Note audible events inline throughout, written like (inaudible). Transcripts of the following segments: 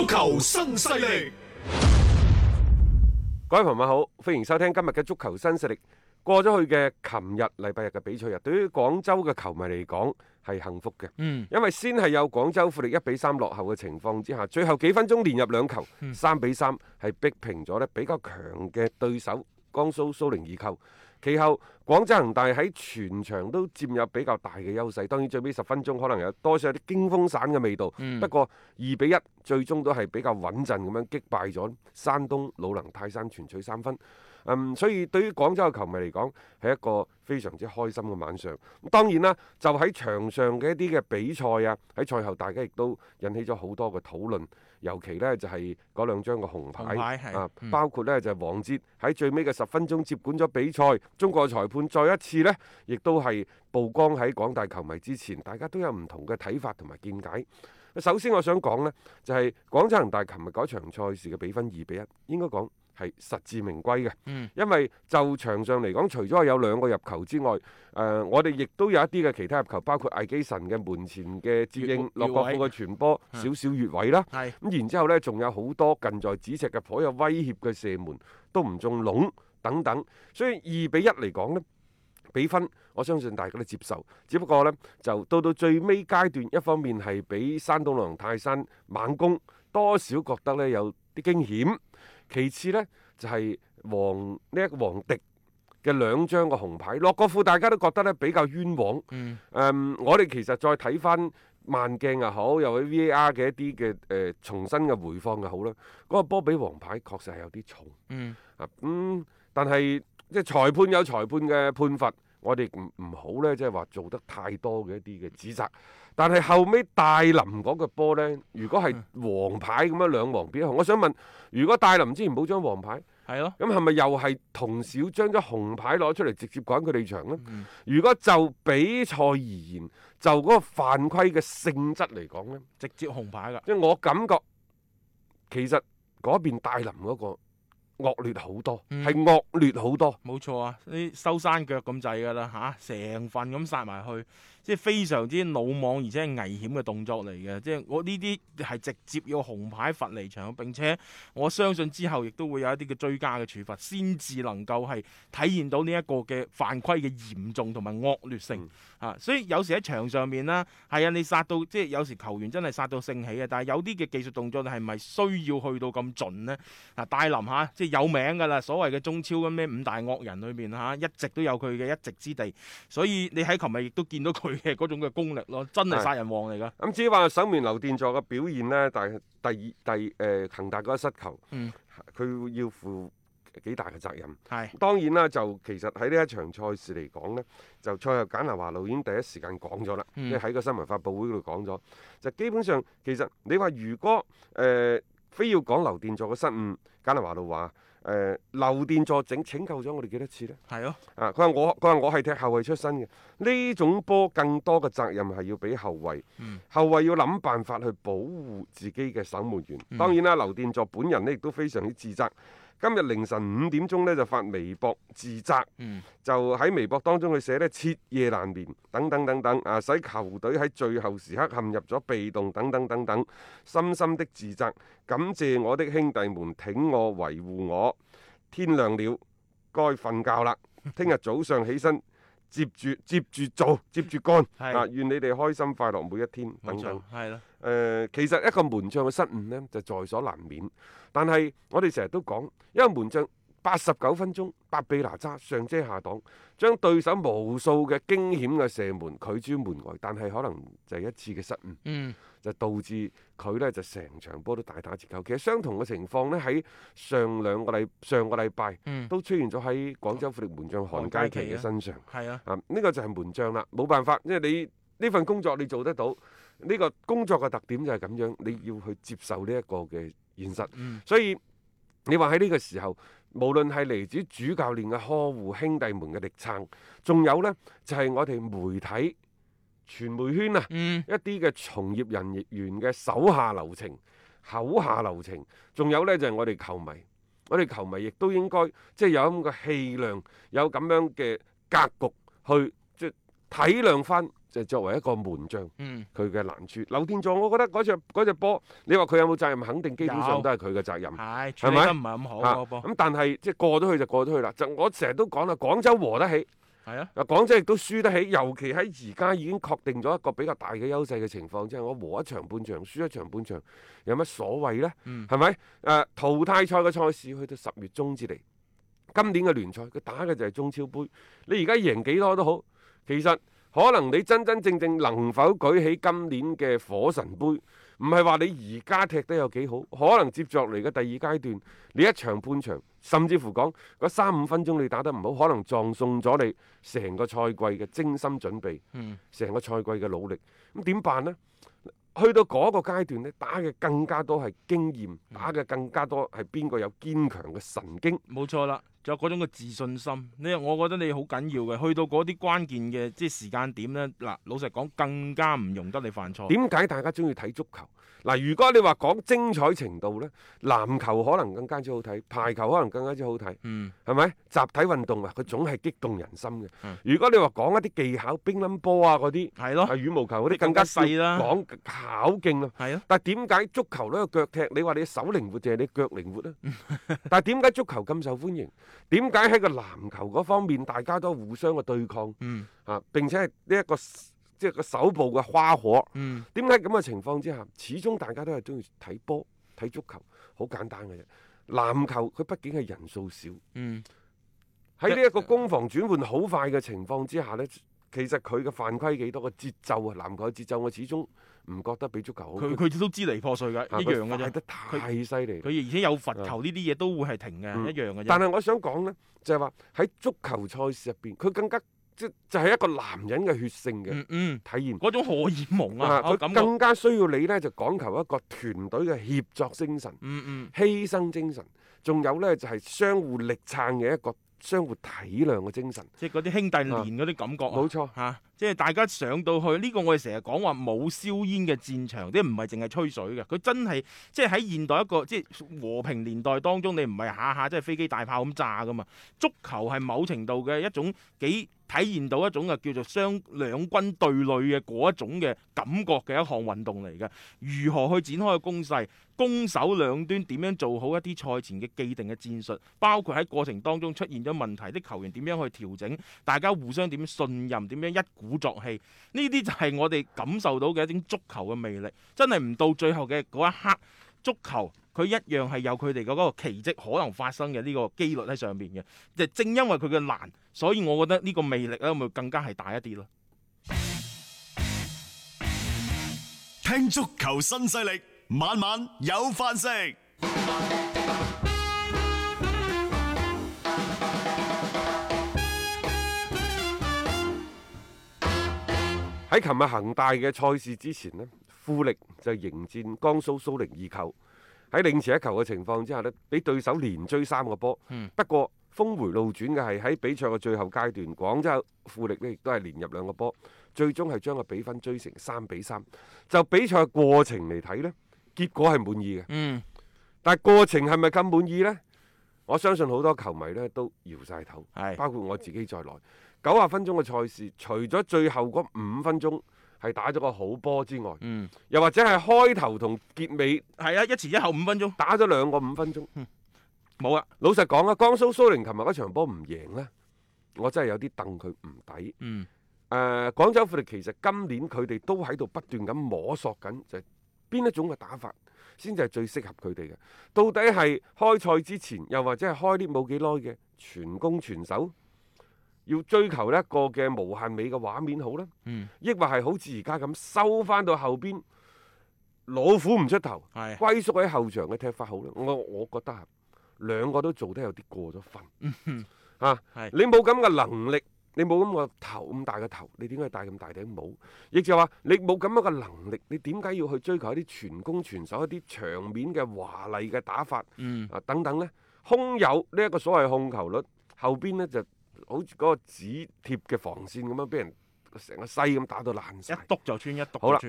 足球新勢力，各位朋友好，歡迎收聽今日嘅足球新勢力。過咗去嘅琴日禮拜日嘅比賽日，對於廣州嘅球迷嚟講係幸福嘅，嗯，因為先係有廣州富力一比三落後嘅情況之下，最後幾分鐘連入兩球，三比三係逼平咗呢比較強嘅對手江蘇蘇寧易購。其後廣州恒大喺全場都佔有比較大嘅優勢，當然最尾十分鐘可能有多少啲驚風散嘅味道。嗯，不過二比一最終都係比較穩陣咁樣擊敗咗山東魯能泰山，全取三分。嗯，所以對於廣州嘅球迷嚟講係一個非常之開心嘅晚上。咁當然啦，就喺場上嘅一啲嘅比賽啊，喺賽後大家亦都引起咗好多嘅討論。尤其呢，就係嗰兩張個紅牌，紅牌啊，包括呢，就係、是、王哲喺最尾嘅十分鐘接管咗比賽，中國裁判再一次呢，亦都係曝光喺廣大球迷之前，大家都有唔同嘅睇法同埋見解。首先我想講呢，就係、是、廣州恒大琴日嗰場賽事嘅比分二比一，應該講。係實至名歸嘅，因為就場上嚟講，除咗有兩個入球之外，誒、呃，我哋亦都有一啲嘅其他入球，包括艾基臣嘅門前嘅接應、洛國富嘅傳波、傳嗯、少少越位啦，咁、嗯、是然之後呢，仲有好多近在咫尺嘅頗有威脅嘅射門都唔中籠等等，所以二比一嚟講呢，比分我相信大家都接受，只不過呢，就到到最尾階段，一方面係俾山東狼泰山猛攻，多少覺得呢有啲驚險，其次呢，就係黃呢一個王迪嘅兩張嘅紅牌洛國富，大家都覺得呢比較冤枉。誒、嗯嗯，我哋其實再睇翻慢鏡又好，又去 V A R 嘅一啲嘅誒重新嘅回放又好啦。嗰、那個波比黃牌確實係有啲重。嗯，嗯，但係即裁判有裁判嘅判罰。我哋唔唔好呢，即係話做得太多嘅一啲嘅指責。但係後尾戴琳嗰個波呢，如果係黃牌咁樣、嗯、兩黃變紅，我想問：如果戴琳之前冇張黃牌，係咯的？咁係咪又係同樣將張紅牌攞出嚟直接趕佢離場呢？嗯、如果就比賽而言，就嗰個犯規嘅性質嚟講呢，直接紅牌㗎。即係我感覺其實嗰邊戴琳嗰、嗰個。惡劣好多，係惡、嗯、劣好多，冇錯啊！啲收山腳咁滯噶啦，吓、啊、成份咁殺埋去。即係非常之魯莽，而且係危險嘅動作嚟嘅。即係我呢啲係直接要紅牌罰離場，並且我相信之後亦都會有一啲嘅追加嘅處罰先至能夠係體現到呢一個嘅犯規嘅嚴重同埋惡劣性，嗯、啊。所以有時喺場上面啦，係啊，你殺到即係有時球員真係殺到性起嘅，但係有啲嘅技術動作，你係咪需要去到咁盡咧？嗱、啊，戴林吓、啊、即係有名噶啦，所謂嘅中超咁咩五大惡人裏面吓、啊、一直都有佢嘅一席之地。所以你喺琴日亦都見到佢。嘅嗰 (laughs) 種嘅功力咯，真係殺人王嚟噶。咁、嗯、至於話守門劉殿座嘅表現呢，但係第二第誒恒、呃、大嗰一失球，佢、嗯、要負幾大嘅責任。係、嗯、當然啦，就其實喺呢一場賽事嚟講呢，就賽後簡拿華路已經第一時間講咗啦，即係喺個新聞發佈會度講咗，就基本上其實你話如果誒、呃、非要講劉殿座嘅失誤，簡拿華路話。誒，劉殿、呃、座整拯救咗我哋幾多次咧？係咯、哦，啊，佢話我，佢話我係踢後衞出身嘅，呢種波更多嘅責任係要俾後衞，嗯、後衞要諗辦法去保護自己嘅守門員。嗯、當然啦，劉殿座本人咧亦都非常之自責。今日凌晨五點鐘呢，就發微博自責，嗯、就喺微博當中去寫呢，徹夜難眠等等等等啊，使球隊喺最後時刻陷入咗被動等等等等，深深的自責，感謝我的兄弟們挺我維護我，天亮了該瞓覺啦，聽日早上起身。接住接住做，接住幹。啊的、呃，願你哋開心快樂每一天。冇錯。係咯、呃、其實一個門將嘅失誤呢就在所難免。但係我哋成日都講，一個門將八十九分鐘，八臂哪吒上遮下擋，將對手無數嘅驚險嘅射門拒諸門外。但係可能就一次嘅失誤。嗯。就導致佢呢，就成場波都大打折扣。其實相同嘅情況呢，喺上兩個禮上個禮拜、嗯、都出現咗喺廣州富力門將韓佳琪嘅身上。係啊，呢、啊、個就係門將啦，冇辦法，因為你呢份工作你做得到，呢、這個工作嘅特點就係咁樣，你要去接受呢一個嘅現實。嗯、所以你話喺呢個時候，無論係嚟自主教練嘅呵護，兄弟們嘅力撐，仲有呢，就係、是、我哋媒體。傳媒圈啊，嗯、一啲嘅從業人員嘅手下留情、口下留情，仲有呢，就係、是、我哋球迷，我哋球迷亦都應該即係、就是、有咁嘅氣量，有咁樣嘅格局去即係、就是、體諒返，就是、作為一個門將佢嘅、嗯、難處。劉殿座，我覺得嗰隻隻波，你話佢有冇責任？肯定基本上都係佢嘅責任，係處理得唔係咁好。咁但係即係過咗去就過咗去啦。就我成日都講啦，廣州和得起。係啊！啊，廣州亦都輸得起，尤其喺而家已經確定咗一個比較大嘅優勢嘅情況之下。我和一場半場，輸一場半場，有乜所謂呢？嗯是是，係咪？誒，淘汰賽嘅賽事去到十月中至嚟，今年嘅聯賽佢打嘅就係中超杯。你而家贏幾多都好，其實可能你真真正正能否舉起今年嘅火神杯？唔係話你而家踢得有幾好，可能接續嚟嘅第二階段，你一場半場，甚至乎講嗰三五分鐘你打得唔好，可能葬送咗你成個賽季嘅精心準備，成、嗯、個賽季嘅努力，咁點辦呢？去到嗰個階段呢，打嘅更加多係經驗，嗯、打嘅更加多係邊個有堅強嘅神經，冇錯啦。仲有嗰種嘅自信心，你我覺得你好緊要嘅，去到嗰啲關鍵嘅即係時間點呢，嗱，老實講更加唔容得你犯錯。點解大家中意睇足球？嗱，如果你話講精彩程度呢，籃球可能更加之好睇，排球可能更加之好睇，嗯，係咪？集體運動啊，佢總係激動人心嘅。嗯、如果你話講一啲技巧，乒乓波啊嗰啲，係咯，的羽毛球嗰啲更加細啦，講巧勁咯。但係點解足球呢，那個腳踢？你話你手靈活定係你腳靈活呢？嗯、 (laughs) 但係點解足球咁受歡迎？點解喺個籃球嗰方面，大家都互相嘅對抗，嗯、啊，並且係呢一個即係、就是、個手部嘅花火。點解咁嘅情況之下，始終大家都係中意睇波、睇足球，好簡單嘅啫。籃球佢畢竟係人數少，喺呢一個攻防轉換好快嘅情況之下呢，嗯、其實佢嘅犯規幾多個節奏啊，籃球嘅節奏我始終。唔覺得比足球好？佢佢都支離破碎㗎，一樣嘅啫。跌得太犀利，佢而且有罰球呢啲嘢都會係停嘅，一樣㗎啫。但係我想講咧，就係話喺足球賽事入邊，佢更加即就係一個男人嘅血性嘅體驗。嗰種荷爾蒙啊，佢更加需要你咧，就講求一個團隊嘅協作精神、犧牲精神，仲有咧就係相互力撐嘅一個。相互體諒嘅精神，即係嗰啲兄弟連嗰啲感覺啊，啊，冇錯嚇，啊，即係大家上到去呢個我哋成日講話冇硝煙嘅戰場，啲唔係淨係吹水嘅，佢真係即係喺現代一個即係和平年代當中，你唔係下下即係飛機大炮咁炸㗎嘛，足球係某程度嘅一種幾。體現到一種啊叫做雙兩軍對壘嘅嗰一種嘅感覺嘅一項運動嚟嘅，如何去展開嘅攻勢，攻守兩端點樣做好一啲賽前嘅既定嘅戰術，包括喺過程當中出現咗問題啲球員點樣去調整，大家互相點信任，點樣一鼓作氣，呢啲就係我哋感受到嘅一種足球嘅魅力。真係唔到最後嘅嗰一刻，足球。佢一樣係有佢哋嗰個奇蹟可能發生嘅呢個機率喺上面嘅，就正因為佢嘅難，所以我覺得呢個魅力咧會更加係大一啲啦。聽足球新勢力，晚晚有飯食。喺琴日恒大嘅賽事之前，呢富力就迎戰江蘇蘇寧易購。喺領前一球嘅情況之下呢，俾對手連追三個波。嗯、不過峰回路轉嘅係喺比賽嘅最後階段，廣州富力呢亦都係連入兩個波，最終係將個比分追成三比三。就比賽過程嚟睇呢，結果係滿意嘅。嗯，但係過程係咪咁滿意呢？我相信好多球迷呢都搖晒頭。是包括我自己在內，九十分鐘嘅賽事，除咗最後嗰五分鐘。係打咗個好波之外，嗯，又或者係開頭同結尾，係啊，一前一後五分鐘，打咗兩個五分鐘，嗯，冇啊。老實講啊，江蘇蘇寧琴日嗰場波唔贏咧，我真係有啲戥佢唔抵，嗯，誒、呃，廣州富力其實今年佢哋都喺度不斷咁摸索緊，就邊一種嘅打法先至係最適合佢哋嘅？到底係開賽之前，又或者係開啲冇幾耐嘅全攻全守？要追求一個嘅無限美嘅畫面好咧，抑或係好似而家咁收翻到後邊，老虎唔出頭，歸縮喺後場嘅踢法好咧。我我覺得啊兩個都做得有啲過咗分。嚇，你冇咁嘅能力，你冇咁個頭咁大嘅頭，你點解戴咁大頂帽？亦就話你冇咁樣嘅能力，你點解要去追求一啲全攻全守、一啲場面嘅華麗嘅打法啊等等咧？空有呢一個所謂控球率，後邊咧就～好似嗰個紙貼嘅防線咁樣，俾人成個西咁打到爛曬，一篤就穿，一篤就穿。好啦，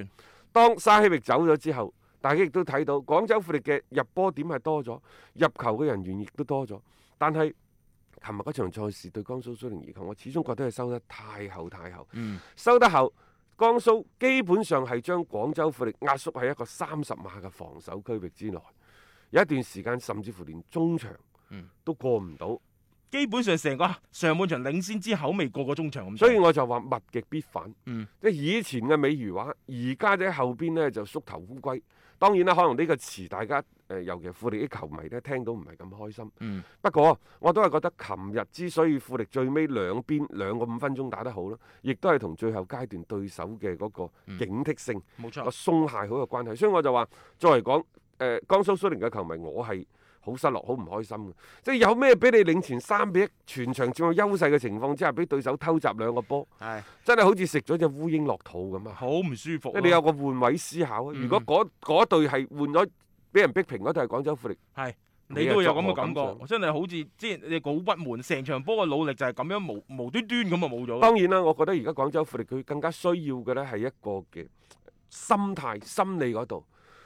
當沙希域走咗之後，大家亦都睇到廣州富力嘅入波點係多咗，入球嘅人員亦都多咗。但係琴日嗰場賽事對江蘇蘇寧而言，我始終覺得係收得太厚太厚。嗯，收得厚，江蘇基本上係將廣州富力壓縮喺一個三十碼嘅防守區域之內，有一段時間甚至乎連中場都過唔到。嗯。基本上成個上半場領先之後未過個中場咁，所以我就話物極必反。嗯、即係以前嘅美如畫，而家就喺後邊呢就縮頭烏龜。當然啦，可能呢個詞大家誒、呃，尤其富力啲球迷咧聽到唔係咁開心。嗯、不過我都係覺得，琴日之所以富力最尾兩邊兩個五分鐘打得好咯，亦都係同最後階段對手嘅嗰個警惕性、冇錯個鬆懈好有關係。所以我就話，作為講誒、呃、江蘇蘇寧嘅球迷我，我係。好失落，好唔開心嘅。即係有咩俾你領前三比一，全場佔有優勢嘅情況之下，俾對手偷襲兩個波，係真係好似食咗隻烏蠅落肚咁啊！好唔舒服。即你有個換位思考啊！嗯、如果嗰嗰隊係換咗，俾人逼平嗰隊係廣州富力，係你都有咁嘅感覺，真係好似即係你好不滿，成場波嘅努力就係咁樣無無端端咁就冇咗。當然啦，我覺得而家廣州富力佢更加需要嘅咧係一個嘅心態、心理嗰度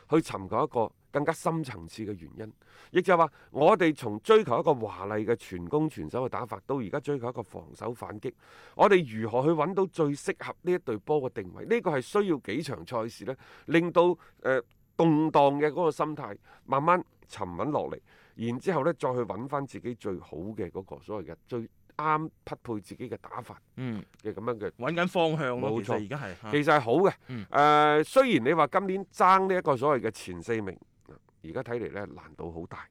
去尋求一個。更加深層次嘅原因，亦就係話我哋從追求一個華麗嘅全攻全守嘅打法，到而家追求一個防守反擊，我哋如何去揾到最適合呢一隊波嘅定位？呢個係需要幾場賽事呢，令到誒、呃、動盪嘅嗰個心態慢慢沉穩落嚟，然之後呢，再去揾翻自己最好嘅嗰個所謂嘅最啱匹配自己嘅打法嘅咁樣嘅揾緊方向。冇錯，其實係好嘅。誒、嗯呃，雖然你話今年爭呢一個所謂嘅前四名。而家睇嚟咧難度好大，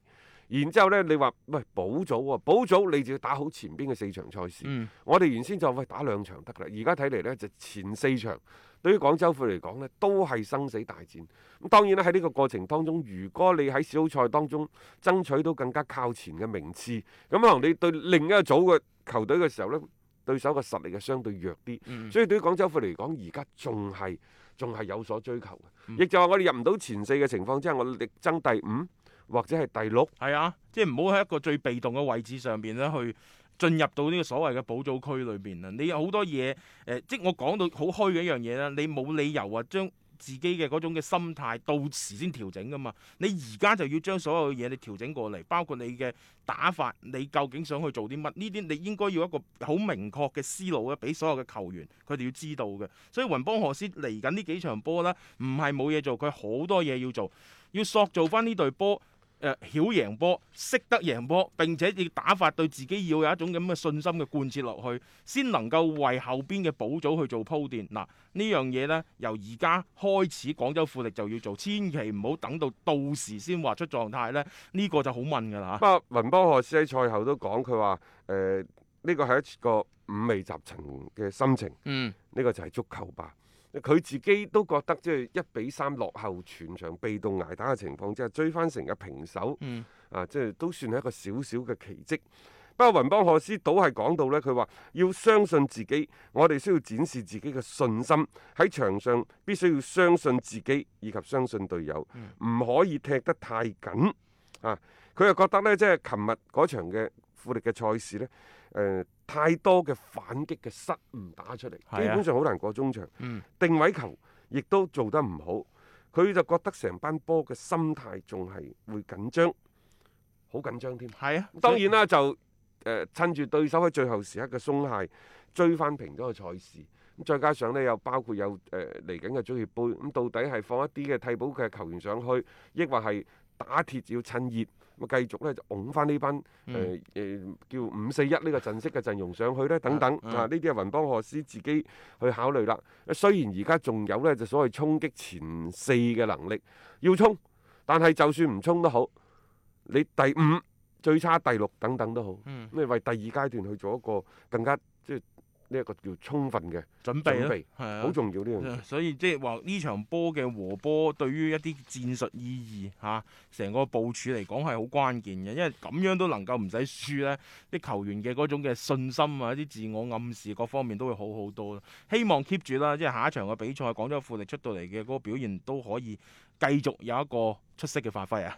然之後呢，你話喂保組喎，保組、啊、你就要打好前邊嘅四場賽事。嗯、我哋原先就喂打兩場得噶啦，而家睇嚟呢，就前四場對於廣州富嚟講呢，都係生死大戰。咁當然咧，喺呢個過程當中，如果你喺小賽當中爭取到更加靠前嘅名次，咁可能你對另一個組嘅球隊嘅時候呢，對手嘅實力係相對弱啲。嗯、所以對於廣州富嚟講，而家仲係。仲係有所追求嘅，亦就係我哋入唔到前四嘅情況之下，嗯、我力爭第五或者係第六。係啊，即係唔好喺一個最被動嘅位置上邊咧，去進入到呢個所謂嘅保組區裏邊啦。你有好多嘢誒、呃，即係我講到好虛嘅一樣嘢啦，你冇理由話、啊、將。自己嘅嗰種嘅心態，到時先調整㗎嘛。你而家就要將所有嘅嘢你調整過嚟，包括你嘅打法，你究竟想去做啲乜？呢啲你應該要一個好明確嘅思路咧，俾所有嘅球員，佢哋要知道嘅。所以雲邦荷斯嚟緊呢幾場波咧，唔係冇嘢做，佢好多嘢要做，要塑造返呢隊波。誒曉贏波，識得贏波，並且要打法對自己要有一種咁嘅信心嘅貫徹落去，先能夠為後邊嘅補組去做鋪墊。嗱，呢樣嘢呢，由而家開始，廣州富力就要做，千祈唔好等到到時先話出狀態呢呢、呢個就好問㗎啦。不過雲波何師喺賽後都講，佢話誒呢個係一個五味雜陳嘅心情。嗯，呢個就係足球吧。佢自己都覺得即係一比三落後全場被動捱打嘅情況之下，追翻成個平手，嗯、啊，即、就、係、是、都算係一個小小嘅奇蹟。不過雲邦霍斯倒係講到呢，佢話要相信自己，我哋需要展示自己嘅信心，喺場上必須要相信自己以及相信隊友，唔可以踢得太緊啊。佢又覺得呢，即係琴日嗰場嘅富力嘅賽事呢。誒、呃。太多嘅反擊嘅失誤打出嚟，啊、基本上好難過中場。嗯、定位球亦都做得唔好，佢就覺得成班波嘅心態仲係會緊張，好緊張添。係啊，當然啦，以就誒、呃、趁住對手喺最後時刻嘅鬆懈，追翻平咗個賽事。咁再加上呢，又包括有誒嚟緊嘅足協杯，咁到底係放一啲嘅替補嘅球員上去，抑或係？打鐵要趁熱，咁啊繼續咧就拱翻呢班誒誒、嗯呃、叫五四一呢個陣式嘅陣容上去咧，等等啊，呢啲啊，啊雲邦賀斯自己去考慮啦。雖然而家仲有咧就所謂衝擊前四嘅能力，要衝，但係就算唔衝都好，你第五最差第六等等都好，咁啊、嗯、為第二階段去做一個更加即係。就是呢一個叫充分嘅準備咯，係好備的重要呢樣嘢。的所以即係話呢場波嘅和波，對於一啲戰術意義嚇，成個部署嚟講係好關鍵嘅。因為咁樣都能夠唔使輸咧，啲球員嘅嗰種嘅信心啊，一啲自我暗示各方面都會好好多。希望 keep 住啦，即係下一場嘅比賽，廣州富力出到嚟嘅嗰個表現都可以繼續有一個出色嘅發揮啊！